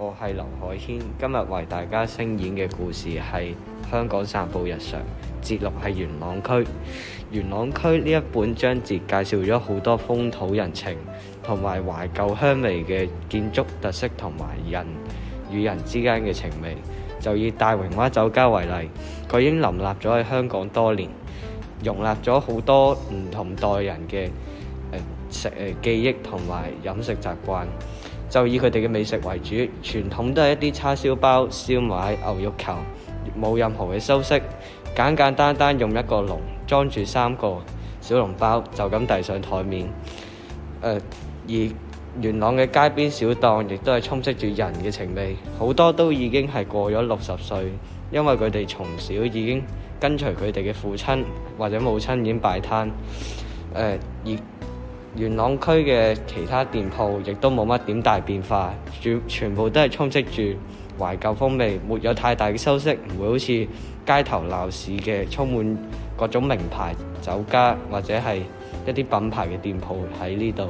我係劉海軒，今日為大家聲演嘅故事係《香港散步日常》，節錄係元朗區。元朗區呢一本章節介紹咗好多風土人情同埋懷舊香味嘅建築特色同埋人與人之間嘅情味。就以大榮華酒家為例，佢已經林立咗喺香港多年，容納咗好多唔同代人嘅誒食誒記憶同埋飲食習慣。就以佢哋嘅美食為主，傳統都係一啲叉燒包、燒賣、牛肉球，冇任何嘅修飾，簡簡單單用一個籠裝住三個小籠包就咁遞上台面，呃。而元朗嘅街邊小檔亦都係充斥住人嘅情味，好多都已經係過咗六十歲，因為佢哋從小已經跟隨佢哋嘅父親或者母親已經擺攤。誒、呃，而元朗區嘅其他店鋪亦都冇乜點大變化，全部都係充斥住懷舊風味，沒有太大嘅修飾，唔會好似街頭鬧市嘅充滿各種名牌酒家或者係一啲品牌嘅店鋪喺呢度。